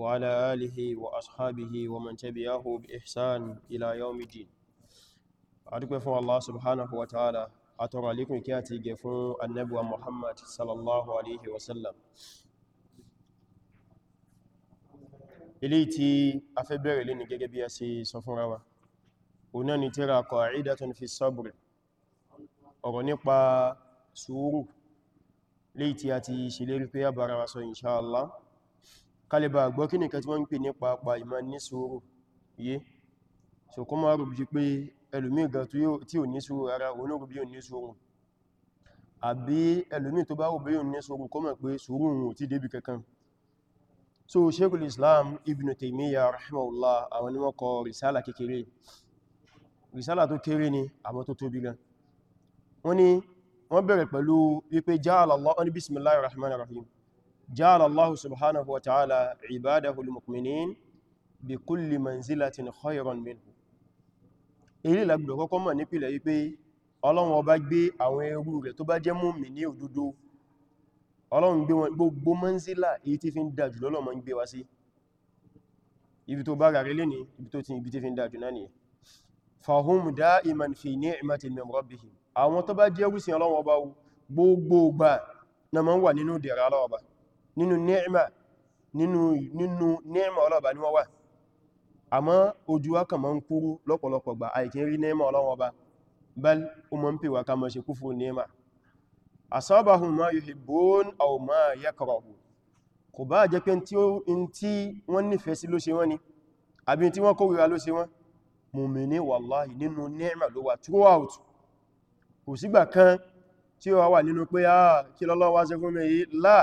وعلى آله وأصحابه ومن تبعه بإحسان إلى يوم الدين أدوكم فون الله سبحانه وتعالى أترى لكم كاتي جفون النبوة محمد صلى الله عليه وسلم eléyìí tí a fẹ́ bẹ̀rẹ̀ lé ní gẹ́gẹ́ bí a ṣe sọ fúnra wa òun náà ni tírà qa'idatun fi sabr ọ̀rọ̀ nípa sùúrù léyìí tí a ti ṣèlérí pé a bára wa sọ inṣáàlá kalibà gbọ́ kí nìkan tí wọ́n ń pè ní pàápà ìmọ̀ ní sùúrù yé so kó máa rùbí pé ẹlòmí gan tí ò ní sùúrù ara onórùbí ò ní sùúrù àbí ẹlòmí tó bá rùbí ò ní sùúrù kó mọ̀ pé sùúrù Sheikhul Islam Ibn Taymiyyah rahimahullah àwọn ni wọ́n kọ risala kékeré ni àmọ́ tó tóbi gan wọ́n ni wọ́n bẹ̀rẹ̀ Allah wọ́n ni bismillahir rahim جعل الله سبحانه وتعالى عباده المؤمنين بكل منزلة خيرا منه ilé ìlàgbùdọ̀ kọ́kọ́ mọ̀ nípìlẹ̀ yí pé ọlọ́run ọba gbé àwọn ẹrú rẹ̀ tó bá jẹ́ mùmínì ní òdodo ọlọ́run gbé wọn gbogbo mọ́nsílà èyí tí fi ń dájú lọ́lọ́mọ́ ń gbé wá sí ibi tó bá rẹ̀ lé ní ibi tó ti ibi tí fi ń dájú náà nìyẹn fahum da'iman fi ni'matin min rabbihim àwọn tó bá jẹ́ rúsìn ọlọ́run ọba gbogbo gbà na ma ń wà nínú dẹ̀ra ọlọ́run ọba nínú ni'ma nínú nínú ni'ma ọlọ́ọ̀bá ní wọ́n wà àmọ́ ojú wa kàn máa ń kúrú lọ́pọ̀lọpọ̀ gbà àìkí rí ni'ma ọlọ́wọ́ bá bal o mọ́ ń pè wà ká mọ́ ṣe kúfù ni'ma asabahum ma yuhibbun aw ma yakrahun kò bá jẹ́ pé tí wọ́n nífẹ̀ẹ́ sí ló ṣe wọ́n ni àbí tí wọ́n kórìíra ló ṣe wà wà nínú pé ah kí lọ́lọ́wọ́ ṣe fún mi yìí láà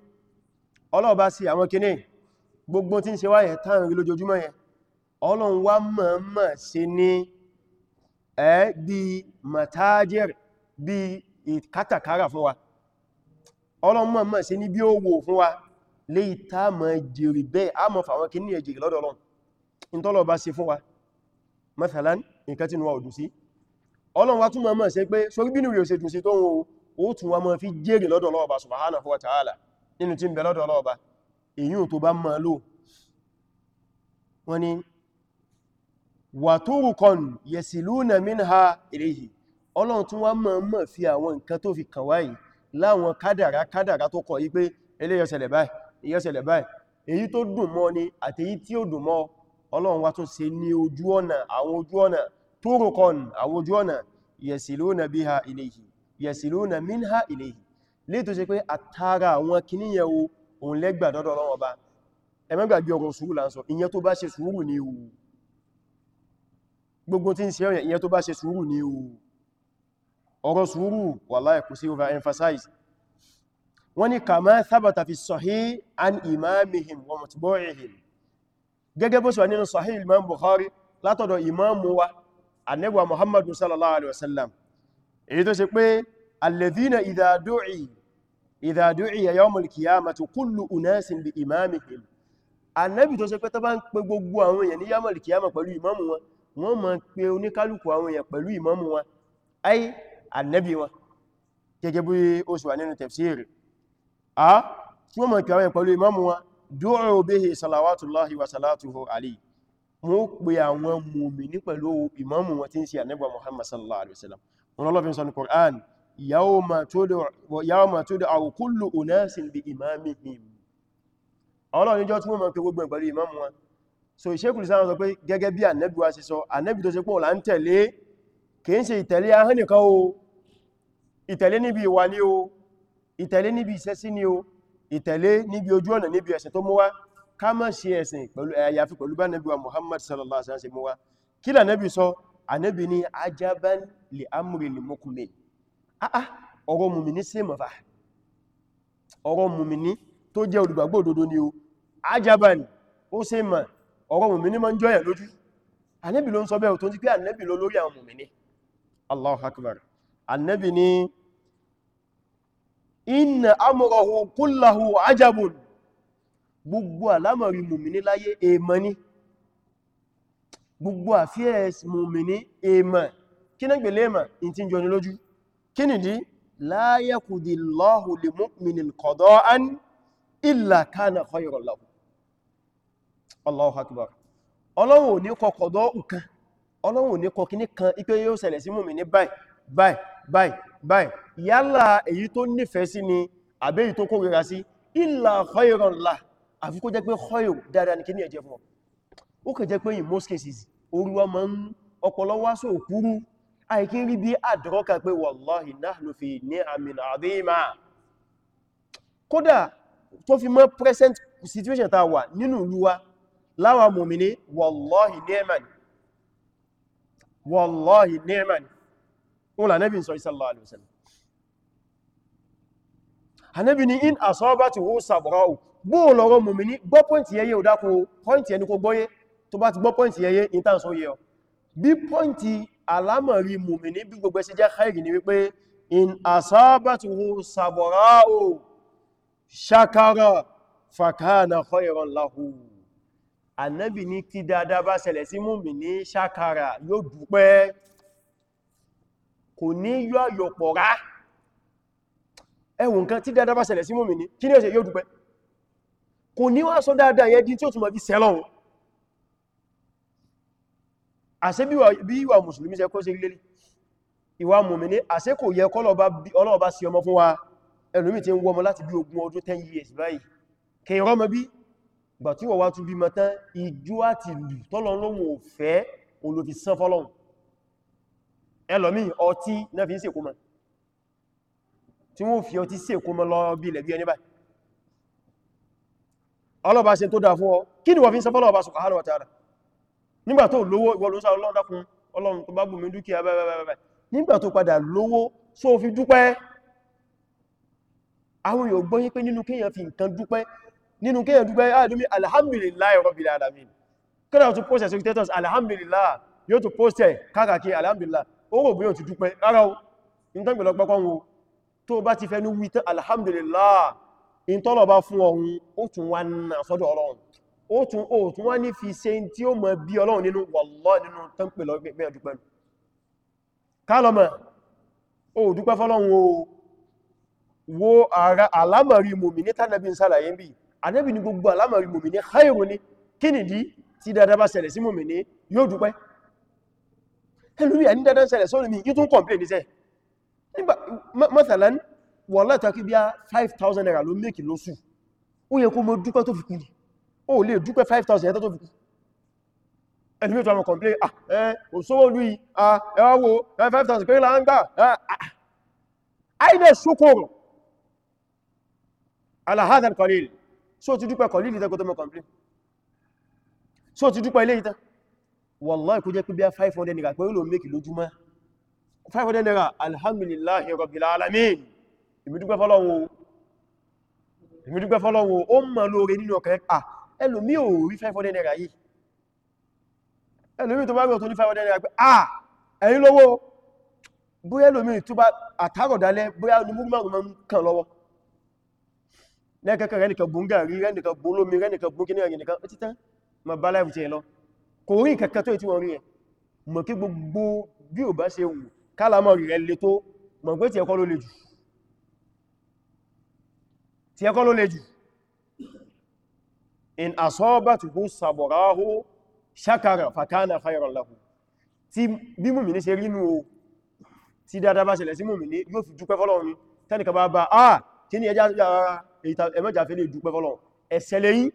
Ọlọ́run bá sí àwọn kinní gbogbo tí ń ṣe wáyẹ̀ tán rí lójoojúmọ́ yẹn Ọlọ́run wá mọ̀ọ́mọ̀ sí ní ẹ́ bí matajir bí ìkátàkárà fún wa Ọlọ́run mọ̀ọ́mọ̀ sí ní bí ó fún wa lè tá mọ̀ jèrè bẹ́ẹ̀ á mọ̀ fàwọn kinní ẹ̀jèrè lọ́dọ̀ Ọlọ́run in tọ́lọ̀ bá ṣe fún wa mathalan nǹkan nínú tí ń bẹ lọ́dọ̀ ọlọ́ọ̀bá èyí tó bá mọ́ lò wọ́n ni wà turuqan yasiluna minha ilayhi ọlọ́run tún wá mọ́ mọ́ fi àwọn nǹkan tó fi kàn wáyìí láwọn kádàrá kádàrá tó kọ̀ yí pé eléyọ́sẹ̀lẹ̀ báyìí eléyọ́sẹ̀lẹ̀ báyìí èyí tó dùn mọ́ ni àtèyí tí lè tó ṣe pé àtàrà àwọn kìníyàn o òun lẹ́gbà dọ́dọ̀ ọlọ́wọ́ bá ẹmẹ́gbàgbé ọgbọ̀n sùúrù láńsọ ìyẹn tó bá ṣe sùúrù ní o gbogbo tí ń ṣe ọ̀yẹ̀ ìyẹn tó bá ṣe sùúrù ní o ọ̀rọ̀ sùúrù wallahi kò sí overemphasize wọ́n ní kama الذين إذا دعي إذا دعي يوم القيامة كل أناس بإمامهم النبي tó ṣe pé tán bá ń pe gbogbo àwọn èèyàn ní yawm al-qiyama pẹ̀lú ìmámù wọn wọ́n máa pe oníkálùkù àwọn èèyàn pẹ̀lú ìmámù wọn ay annabi wọn gẹ́gẹ́ bí ó ṣe wà nínú tafsir a tí wọ́n máa pe àwọn pẹ̀lú ìmámù wọn du'u bihi salawatullahi wa salatuhu alayhi mo pe àwọn mu'mini pẹ̀lú ìmámù wọn tí ń ṣe annabi Muhammad sallallahu alaihi wasallam wọn lọ́lọ́fin sọ ní Qur'an yawma tud'u kullu unasin bi imamihim ọlọ́run níjọ́ tí wọ́n mọ̀ pé gbogbo ìgbàlú ìmámù wọn so ìṣẹ́kùn sáwọn sọ pé gẹ́gẹ́ bí ànẹ́bí wa ṣe sọ ànẹ́bí tó ṣe pọ̀ là ń tẹ̀lé kì í ṣe ìtẹ̀lé ahọ́n nìkan o ìtẹ̀lé níbi ìwà ní o ìtẹ̀lé níbi ìṣẹ́sí ní o ìtẹ̀lé níbi ojú ọ̀nà níbi ẹ̀sìn tó mú wá ká má ṣe ẹ̀sìn pẹ̀lú eh, àyàfi pẹ̀lú bá Ah, ah, ọ̀rọ̀ mùmìní sí mọ̀fà ọ̀rọ̀ mùmìní tó jẹ́ olùgbàgbọ́ òdodo ni o ajaban ó sí mọ̀ ọ̀rọ̀ mùmìní ma ń jọ lójú anẹ́bì ló ń sọ bẹ́ẹ̀ tó ń pé anẹ́bì ló lórí àwọn mùmìní Allahu akbar anẹ́bì ni inna amrahu kullahu ajabun gbogbo alámọ̀rí mùmìní láyé èèmọ̀ ni gbogbo àfíẹ́s mùmìní èèmọ̀ kí kínìdí la yaqdi Allahu li mu'minin qada'an illa kana khayran lahu Allahu akbar Ọlọ́run ò ní kọ kọ̀dọ̀ ǹkan Ọlọ́run ò ní kọ kíní kan ipé yóò ṣẹlẹ̀ sí mùmínì báyìí báyìí báyìí báyìí yálà èyí tó nífẹ̀ẹ́ sí ni àbẹ́yìí tó kórìíra sí illa khayran lahu àfi àìkí rí bí àdọ́kà pé wallahi nahnu fi ni'amin adhima kódà tó fi mọ́ present situation ta wà nínú ìlúwa láwa mùmìní wallahi ni'man wallahi ni'man ọlá nẹ́bí sọ sallallahu alaihi wasallam Ànábì ní in asabatuhu sabra'u bóò lọ́rọ̀ mùmìní gbọ́ pọ́ǹtì yẹyẹ ò dákò alámọ̀rí mùmìnì bí gbogbo ẹsẹ jẹ́ khairi ni wípé in asabatuhu sabra'u shakara fakana khairan lahu annabi ní tí dáadáa bá ṣẹlẹ̀ sí mùmìnì shakara yóò dúpẹ́ kò ní yọ àyọ̀pọ̀ rá ẹwùn kan tí dáadáa ni ó ṣe yóò dúpẹ́ kò ní wá sọ dáadáa àṣẹ bí ìwà mùsùlùmí ṣe kó sí ilé ìwà mùmìní àṣẹ kò yẹ kọ́lọ̀ọ̀bá sí ọmọ fún wa ẹlòmí tí ń wọ́ ọmọ láti bí ogún ọdún 10 years báyìí kẹ ìrọ́mọ bí gbà tí wọ́n wá tún bí mọ́tán ìjú àti lù tọ́lọ lóhun òfẹ́ olófi sán fọ́lọ́hun ẹlòmí ọtí náà fi ń sèkó nígbà tó lówó ìwọ ló sá ọlọ́run dákun ọlọ́run tó bá bùnmi dúkìá bẹ́ẹ̀bẹ́ẹ̀bẹ́ nígbà tó padà lówó só fi dúpẹ́ àwọn yóò gbọ́ yín pé nínú kéèyàn fi nǹkan dúpẹ́ nínú kéèyàn dúpẹ́ àdúmí ah, alhamdulillah rabbil alamin kọ́nà tó post ẹ̀ sórí status alhamdulillah yóò tó post ẹ̀ káàkiri alhamdulillah ó rò bí yóò ti dúpẹ́ rárá o in tán gbẹ̀lọ pẹ́kọ́ wọn tó bá ti fẹ́ ní wí tán alhamdulillah in tọ́lọ̀ bá fún ọ̀hun ó tún wá ń sọ́dọ̀ ọlọ́run ó tún ó tún wá ní fi ṣe tí ó mọ̀ bí ọlọ́run nínú wọ́lọ́ nínú tán pè lọ gbẹ̀gbẹ̀ ọdúpẹ́ kálọ́mà ó dúpẹ́ fọ́lọ́run o wo ara alámàrí mùmìní tánàbí ń sàlàyé bí anẹ́bì ní gbogbo alámàrí mùmìní khairu ni kí nìdí tí dáadáa bá ṣẹlẹ̀ sí mùmìní yóò dúpẹ́ ẹlùmí àní dáadáa ṣẹlẹ̀ sọ́rọ̀ mi yí tún kọ̀m̀pé ní sẹ́ mọ́sàlán wọ́lá takí bí i 5,000 naira ló mẹ́kì lóṣù ó yẹ kó mọ́ dúpẹ́ tó fi kú ni ó lè dúpẹ́ 5,000 ẹ̀tọ́ tó fi ẹlùmí tó àwọn complain ah ẹ́ òṣòwò lú ẹwà wo 5,000 pẹ̀lú àwọn gbà àìdẹ̀ ṣokòrò alahadal kọlìlì so ti dúpẹ́ kọlìlì tẹ́kọ́ tó mọ́ complain so ti dúpẹ́ ilé ìta wallahi kó jẹ́ pé bí 500 naira pẹ̀lú ló mẹ́kì lójúmọ́ 500 naira alhamdulillahi rabbil alamin ìmìdúpẹ́ fọ́lọ́wọ́ ó mọ̀ lóore nínú ọkẹ̀ ah ẹlòmí ò rí 500 naira yìí ẹlòmí tó bá rí ọ̀tọ̀ ní 500 naira pé ah ẹ̀yin lówó bóyá ẹlòmí tó bá àtàrọ̀dálẹ́ bóyá ní múrùmárùn-ún kan lọ́wọ́ lẹ́kẹ́kẹ́ rẹ́nìkan bún gàrí rẹ́nìkan bún lómi rẹ́nìkan bún kíní rẹ̀nìkan ó títán ma bá láìfù tí ẹ lọ kò rí ìkẹ́kẹ́ tó ìtí wọn rí ẹ mọ̀ kí gbogbo bí ò bá ṣe wù kálámọ̀ rẹ̀ lè tó mọ̀ pé tí ẹkọ́ ló le jù in asabatuhu sabarahu shakara fakana khayran lahu tí bí mùmínì ṣe rínú o tí dáadáa bá ṣẹlẹ̀ sí mùmínì yóò fi dúpẹ́ fọ́lọ́run ni tẹ́nìkan bá bá ah kí ni ẹjá ẹmọ́jà fẹ́ lè dúpẹ́ fọ́lọ́run ẹ̀ṣẹ̀ lẹ́yìn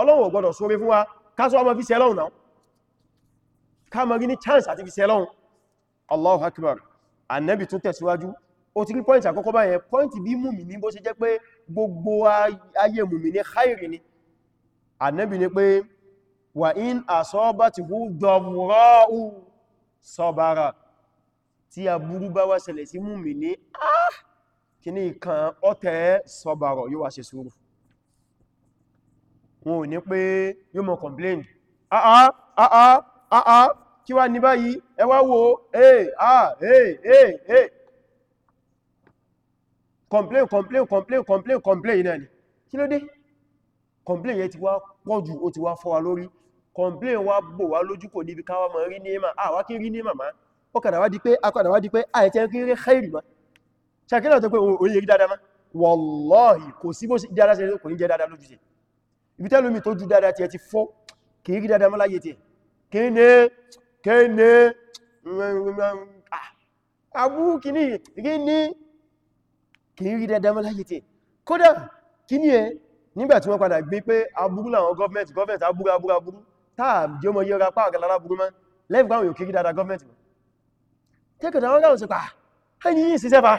Ọlọ́run ò gbọdọ̀ sóre fún wa kásọ́ ọmọ fi sẹ́lọ́run náà ká mọ̀ rí ní chance àti fi sẹ́lọ́run Allahu akbar annabi tún tẹ̀síwájú ó ti rí pọ́ìntì àkọ́kọ́ báyẹn pọ́ìntì bí mùmínì bó ṣe jẹ́ pé gbogbo ayé mùmínì khairi ni annabi ni pé wà in asabatihu dọ̀mùrọ́ù sọ̀bàrà tí aburú bá wá ṣẹlẹ̀ sí mùmínì ah kini ní ìkan ọ̀tẹ̀ sọ̀bàrọ̀ yóò wá ṣe sùúrù wọn ò ní pé yóò mọ̀ complain ah ah ah ah ah ah kí wá ní báyìí ẹ wá wò eh ah eh eh eh complain complain complain complain complain náà ni kí complain yẹ ti wá pọ̀ jù ó ti wá fọ́ wa lórí complain wá bò wá lójú kò níbi káwà mọ̀ rí níma àwá kí rí níma má ó kàdà wá di pé akọ̀dà wá di pé àìtẹ́ kí rí khairi má ṣàkílẹ̀ tó pé oye rí dáadáa má wallahi kò sí bó dáadáa sí kò ní jẹ́ dáadáa lójú sí ibi tẹ́lu mi tó ju dáadáa ti ẹ ti fọ́ kì í rí dáadáa má láyé ti kéne kéne abú kìíní kìí rí dáadáa má láyé ti kódà kìíní ẹ nígbàtí wọ́n padà gbé pé aburú láwọn government government aburú aburú aburú táà jẹ́ ọmọ yẹra pàà gẹ̀lá aburú mọ́ lẹ́fìkà àwọn government mọ́ tẹ́kẹ̀tà wọ́n gáwọn sí pa ẹni yìí síṣẹ́ fa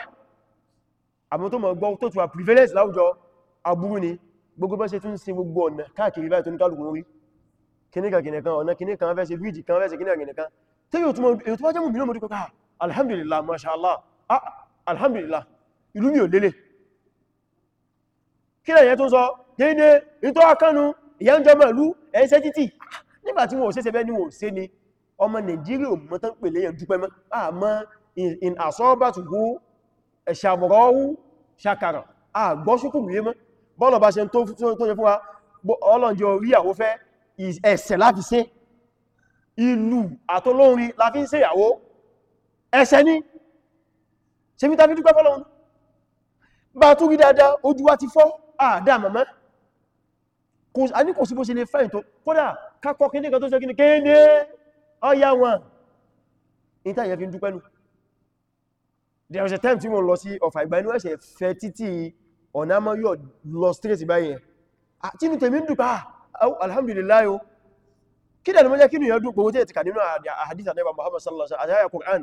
àmọ́ tó privilege láwùjọ aburú ni gbogbo bá ṣe tún sí gbogbo ọ̀nà káàkiri báyìí tó ní kálùkù orí kìníkà kìnìkan ọ̀nà kìníkan fẹ́ ṣe bíjì kan fẹ́ ṣe kìníkà yóò ah, alhamdulillah mashallah ah alhamdulillah ìlú mi ò lélẹ̀ kí lẹ́yìn tó ń sọ dédé ìtọ́ akánu ìyánjọmọ̀ ìlú ẹ̀ẹ́sẹ́ títì ah, nígbàtí wọ́n òṣèṣẹ́ bẹ́ẹ̀ ni wọ́n ṣe ni ọmọ Nàìjíríà mọ́ tán pè lẹ́yìn dúpẹ́ mọ́ àmọ́ in àsọ́bàtùgbó ẹ̀ṣàmọ̀rọ̀wú ṣàkàrà àgbọ́ṣùkùnrin mọ́ bọ́ọ̀lọ̀ bá ṣe tó yẹ fún wa ọlọ́njẹ́ orí àwọ́fẹ́ ẹ̀ṣẹ̀ láti ṣe ìlú àtọlórin láti ń ṣe ìyàwó ẹ̀ṣẹ̀ ní ṣe mítàbí dúpẹ́ fọ́lọ́run bá tún rí dáadáa ojú wa ti fọ́ àdá màmá a ní kò sí bó ṣe lè fẹ́ ìtò kódà kákọ́ kí ní kan tó ṣe kí ní ọya wọn ìta ìyẹ̀ fi ń dúpẹ́ nù there was a time tí mo lọ sí ọ̀fà ìgbà inú ẹ̀ṣẹ̀ fẹ́ títí ọ̀nà mọ́ yóò lọ straight báyìí tí ní tèmi ń dùpá ah, alhamdulillah kí dẹ̀ lọ́mọ́ jẹ́ kí nìyàn dùn gbogbo tí ẹ̀tìkà nínú àdíta nẹ́bà Muhammad sallallahu alaihi wasallam àti Qur'an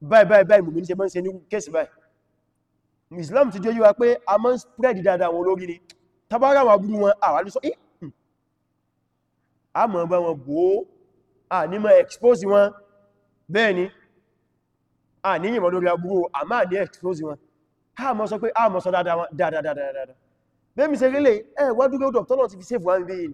báyìí báyìí báyìí mùmí ní ṣe mọ́ ń ṣe ní kéèsì báyìí Islam ti jẹ́ yíwa pé a mọ́ ń spread dáadáa wọn lórí ni tàbára wà búrú wọn àwà lè sọ ẹ́ eh, àmọ́ hmm, bá wọn bó à ní mọ́ expose wọn bẹ́ẹ̀ ni à ní yìnbọn lórí agbúrú àmá ní expose wọn àmọ́ sọ pé àmọ́ sọ dáadáa bẹ́ẹ̀ mi ṣe rí lè ẹ wádúgbé ó dọ̀tọ́lọ̀ ti fi save one bill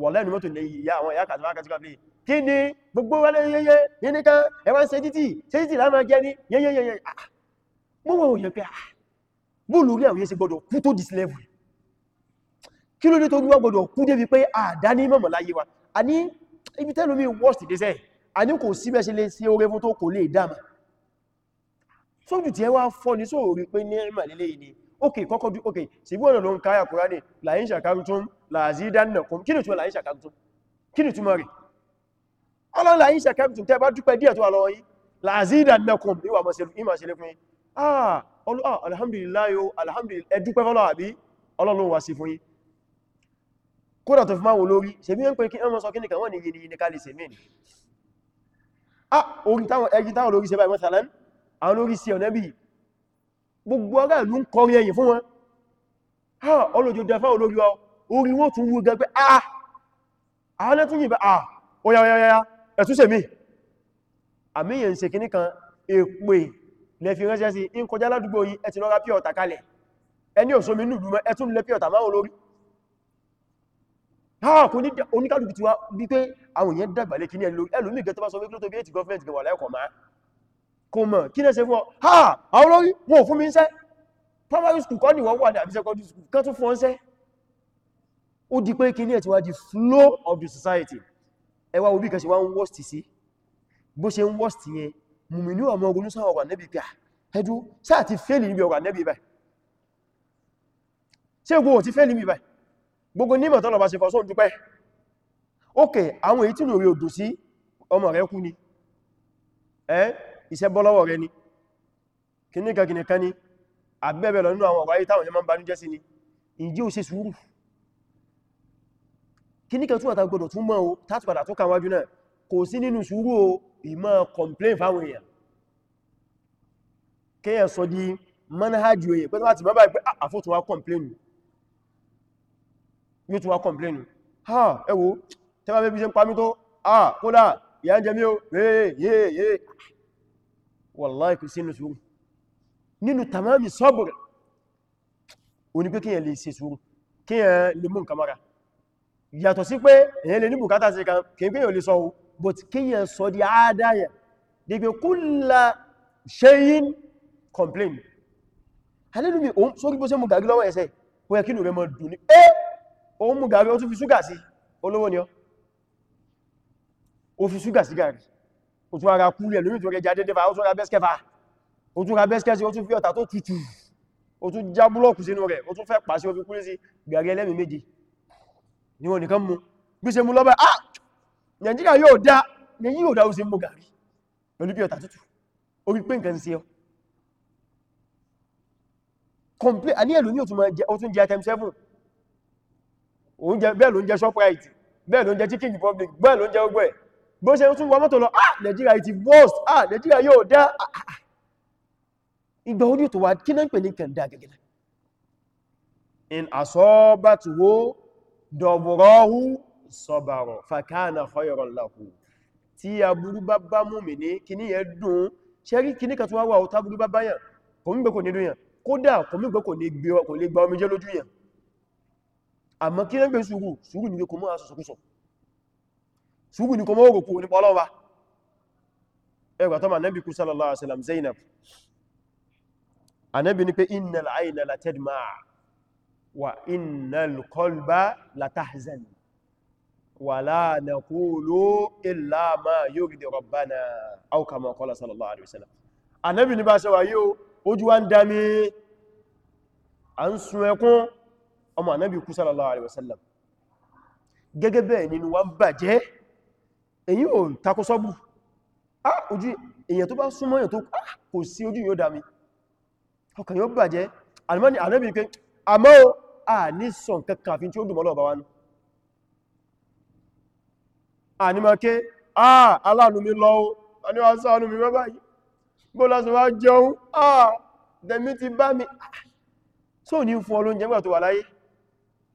wọ̀ lẹ́nu mọ́tò lè yìí àwọn ìyá kàtàkà kàtàkà lè kí ni gbogbo wọlé yẹyẹ yẹnìkan ẹwà ń ṣe títì ṣe títì láàmà jẹ́ ní yẹyẹyẹyẹ mọ́wọ́ pé ah, bóòlù rí àwọn yẹ́ kí ló dé tó gbíwá gbọdọ̀ kú débi pé àdá ní mọ̀mọ̀ láyé wa a ní ibi tẹ́lómi worst dẹ́sẹ̀ a ní kò sí mẹ́ṣe lè sí oore fún tó kò lè dáma sójú tí ẹ wá fọ́ ní só orí pé ní ẹ̀mà lélé ìní ok kọ́kọ́ dú ok sí bí ọ̀nà ló ń káyà Kùránì láyín ṣàkárùtún làzídánàkùn kí ni túnmọ̀ láyín ṣàkárùtún kí ni túnmọ̀ rẹ̀ ọlọ́run láyín ṣàkárùtún tẹ́ bá dúpẹ́ díẹ̀ tó wà lọ́wọ́ yìí yo ah, ah, alhamdulillah ẹ dúpẹ́ fọ́lọ́ àbí ọlọ́run wà sí fún yín kódà tó fi máa wò lórí ṣe bí wọ́n pè kí ọmọ sọ kí wọ́n ni yìí ní ká lè ah orin táwọn ẹgbẹ́ táwọn lórí ṣe báyìí mọ́sàlán àwọn lórí sí ọ̀nẹ́bì gbogbo ọgá ìlú ń kọrin ẹ̀yìn fún wọn ha ọlọ́jọ́jọ́ fáwọn olórí wa orin wọ́n tún ah àwọn lẹ́tún ah oya oya oya ẹ̀tún ṣe mí àmìyàn ń ṣe kí nìkan èpè lẹ́fi ránṣẹ́ sí ń kọjá ládùúgbò yìí ẹ̀tún lọ́ra pí ọ̀tà kalẹ̀ olórí Ah, kò ní oníkàlùkù ti wá bí pé àwọn èèyàn dàgbà lé kí ní ẹlòmí ìgẹ́ tó bá sọ wípé tó bí ètì gọ́ọ̀mẹ́ntì gẹ̀wà láìkọ̀ máa kò mọ̀ kí ní ṣe fún ọ ha ah, àwọn olórí wọn ò fún mi ń ṣẹ́ primary school kọ́ ni wọ́n wà ní àbí secondary school kan tún fún ọ́n ṣẹ́ ó di pé kí ní ẹ̀tí wá di flow of the society ẹ wá obi kẹsì wá ń worst sí bó ṣe ń worst yẹn mùmìnú ọmọ ogun sáwọn ọgbà nẹ́bí pẹ́ ẹdú sáà ti fẹ́lì níbi ọgbà nẹ́bí báyìí ṣé gbogbo ti fẹ́lì níbi báyìí gbogbo nímọ̀ tọ́lọ̀ bá ṣe fọ́ sóò dúpẹ́ ókè àwọn èyí tí ní orí odò sí ọmọ rẹ̀ kú ni ẹ́ iṣẹ́ bọ́lọ́wọ́ rẹ̀ ni kìníkà kìníkà ni àbẹ́bẹ̀ nínú àwọn ọ̀rọ̀ táwọn yẹn máa ń sí ni ìjí ò ṣe sùúrù kìníkà tún àtàgbọ̀dọ̀ o tàbí padà tún kàwájú náà kò sí nínú complain fáwọn èèyàn kéèyàn sọ di manhaj èèyàn pẹ́ tó wá ti yóò tún wá kọ̀mplẹ́nù ha ẹwò tẹ́bà bẹ́bí ṣe ń pàmí tó à kódà ìyà ń jẹ mí o yéyéyé wallahi kò sínú sùúrù nínú tamami sabr oní pé kíyàn lè ṣe sùúrù kíyàn lè mú nǹkan mara yàtọ̀ sí pé èyàn lè but kíyàn sọ di àádáyà dìgbé kulla complain halilu mi o sórí bó ṣe mú gàrí lọ́wọ́ ó yẹ ó mú gàrí ó tún fi ṣúgà sí olówó ni ó ó fi ṣúgà sí gàrí ó tún ara kúrẹ̀ lórí tó rẹ jáde dẹ́fà ó tún ra bẹ́skẹfà ó tún ra bẹ́skẹsí ó tún fi ọ̀tà tó tutù ó tún já búlọ́ọ̀kù sínú rẹ̀ ó tún fẹ́ pàṣẹ sí gàrí ni wọn nìkan mú bí ṣe ah Nàìjíríà yóò dá nìyí yóò dá ó sì mú gàrí pẹ̀lú bí ọ̀tà tutù orí pé nǹkan sí ọ complete a ní ẹ̀lú ní òtún 7 oúnjẹ bẹ́ẹ̀ ló shoprite bẹ́ẹ̀ ló ń jẹ chicken republic bẹ́ẹ̀ ló ń jẹ ogbó ẹ̀ bó ṣe ń tún wọ mọ́tò lọ ah Nigeria ti worst ah Nigeria yóò dá ah, ah, ah. ìgbà orí tó wà kí náà pè ní kẹ̀ndà gẹ́gẹ́ in asọ́bá tí wó dọ̀bùrọ́hú sọ̀bàrọ̀ fàkánà khayran lahu tí a burú bá bá mú mi ní kí ní ẹ̀dùn ṣẹ́rí kí ní kàtúwà wà ó tábúrú bá báyàn kò mí gbẹ́kò ní àmọ́ kí ló ń gbé sùúrù sùúrù ní kò mọ́ asọ̀sọ̀kúsọ̀ sùúrù ní kò mọ́ òrùkú nípa ọlọ́wà ẹgbà tó ma nẹ́bí kú sallallahu alaihi wasallam Zainab anẹ́bí ní pé innal ayna la tadma wa innal qalba la tahzan wa la naqulu illa ma yurdi rabbana aw kama qala sallallahu alaihi wasallam anẹ́bí ọmọ ànábì kú sallallahu alaihi wasallam gẹ́gẹ́ bẹ́ẹ̀ nínú wa ń bàjẹ́ èyí ò takọsọ́bù ah ojú èyàn tó bá súnmọ́ èyàn tó kò sí ojú yóò dámi ọkàn yóò bàjẹ́ alimani ànábì pé àmọ́ à ní sọ nǹkan kàfin tí ó dùn mọ́lọ̀ bá wá ní ànímọ̀kẹ́ ah aláàánú mi lọ aníwá sáànú mi mẹ́bá yìí bó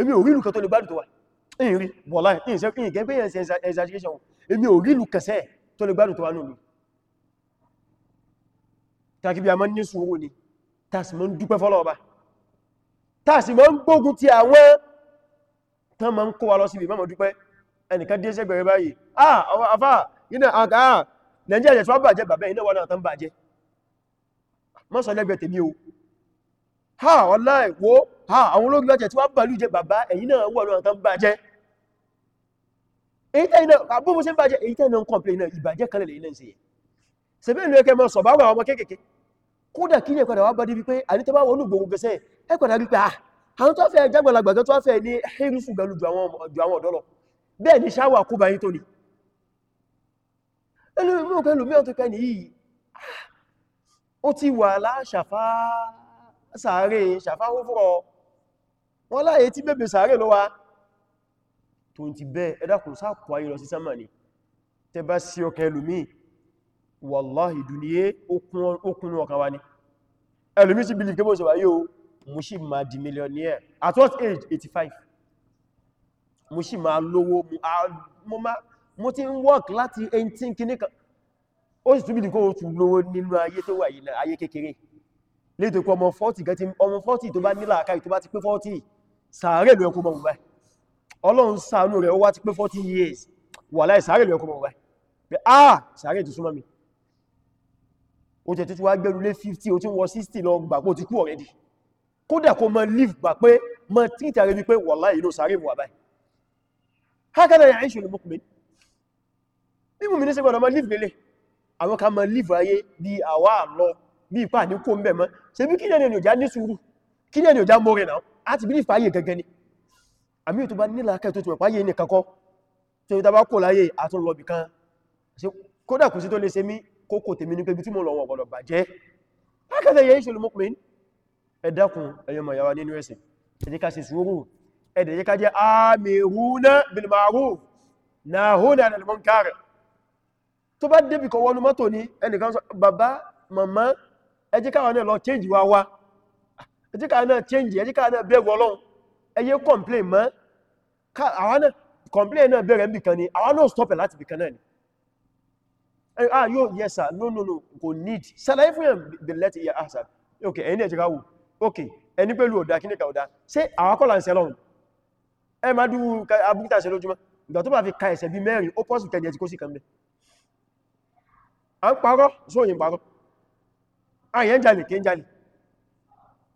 èmi ò rí ìlú kan tó lè gbádùn tó wà ìyìn rí wọ́lá ìyìn gẹ́gbẹ́ exaggeration èmi ò rí ìlú kẹsẹ̀ tó lè gbádùn tó wà nílùú tàbí a máa ní sùúrù ni tàbí ma ń dúpẹ́ fọ́lọ́ọ̀bá tàbí ma ń gbógun ti àwọn tán ma ń kó wa lọ síbi máa dúpẹ́ ẹnìkan dé sẹ́gbẹ̀rẹ̀ báyìí ah àwọn afá iná àkà nàíjíríà jẹ́ tó bàjẹ́ bàbẹ́ iná wọ́n náà tán bàjẹ́ mọ́sàn lẹ́gbẹ̀ẹ́ tèmi o ha wallahi wo àwọn ológun ọ̀tẹ̀ tí wọ́n bàlú jẹ bàbá ẹ̀yin náà wọ́n lọ́nà tán bàjẹ́ èyí tẹ́yìn náà bó mo ṣe ń bàjẹ́ èyí tẹ́yìn náà ń kọ̀m̀plẹ̀ náà ìbàjẹ́ kan lè náà ṣe yẹ sẹ́bẹ̀ ìlú ẹkẹ mọ́ sọ̀báwà ọmọ kéèkéé kódà kí ní ẹ̀kọ́dà wà bá débi pé àdítẹ́bá wọnú gbogbo gẹsẹ̀ ẹ̀kọ́dà wípé ah, àwọn tó fẹ́ jágbàlagbà tó fẹ́ ní hírífù galu ju àwọn ọ̀dọ́ lọ bẹ́ẹ̀ ni ṣáwà kó báyí tó ní ẹlú ìmúkẹ́ lùmí ọ̀tọ́ kẹ́ nìyí ó ti wà láṣàfá sàárè ṣàfáhófúrọ̀ wọ́n láyé tí bèbè sàárè ló wá tó ti bẹ́ ẹ̀dàkùn sáàkù ayé lọ sí sánmà ní tẹ bá sí ọkẹ ẹlùmí wàláhì dúníyé okùn ọkàn wa ní ẹlùmí sí believe kébọ̀ sọ̀rọ̀ yóò mú ma di millionaire at what age 85 mú sí ma lówó mú ti ń work láti 18 kìníkan ó sì túnbí kó tún lówó nínú ayé tó wà yìí ayé kékeré létòkú ọmọ 40 to ba ni àkáì tó bá ti pé 40 sàárè ló ẹkùn bọ̀mù báyìí ọlọ́run sàánú rẹ̀ ó wá ti pé 40 years wà láì sàárè ló ẹkùn bọ̀mù báyìí pé ah sàárè ti súnmọ́ mi ó jẹ́ títí wá gbẹ́rù lé 50 ó ti wọ 60 lọ gbà pé ó ti kú already kódà kó mọ́ live gbà pé mọ́ títà rẹ̀ wípé wà láì ló sàárè wà báyìí hákàdà yà ń ṣe olùmọ́kùnrin mímú mi ní live lélẹ̀ àwọn kan live ayé bí àwa àlọ bí ìpá ní kó ń bẹ̀ mọ́ ṣe bí kí ní ẹni ò já ní a ti bílífà ayé gẹ́gẹ́ ni àmì ìtò bá nílà kẹ́ tó ti wẹ̀pá ayé ní kankọ́ tó yí tàbá kò láyé àtún lọ bìkan kódà kò sí tó lè ṣe mí kókò tèmi ní pé bí tí mo lọ wọ̀ bọ̀lọ̀ bàjẹ́ lákàtẹ̀ yẹ ìṣòlù mọ́kùnrin ẹ dákun ẹyọ mọ̀ yàwá nínú ẹ̀sìn ẹ jẹ́ ká ṣe sùúrù ẹ dẹ̀ jẹ́ ká jẹ́ amiruna bil ma'ruf nahuna 'anil munkar tó bá débì kọ wọnú mọ́tò ní ẹnìkan sọ bàbá màmá ẹ jẹ́ káwọn náà lọ change wa wa ẹjíká náà change ẹjíká náà bẹ̀rù ọlọ́run ẹyẹ complain mọ́ àwọn náà complain náà bẹ̀rẹ̀ ń bìkan ni àwọn náà stop ẹ̀ láti bìkan náà ni ah yóò yes sir no no no kò need ṣàlàyé fún yàn bẹ̀rẹ̀ ti yà áṣà ok ẹni ẹjíká wù ok ẹni pẹ̀lú ọ̀dá kí níkà ọ̀dá ṣe àwọn kọ́lá ń sẹlọ́run ẹ má dú abúkítà ṣe lójúmọ́ ìgbà tó bá fi ka ẹ̀sẹ̀ bí mẹ́rin ó pọ́sù kẹjẹ ti kó sí kan bẹ́ à ń parọ́ sóòyìn parọ́ àyẹ́ ah, ń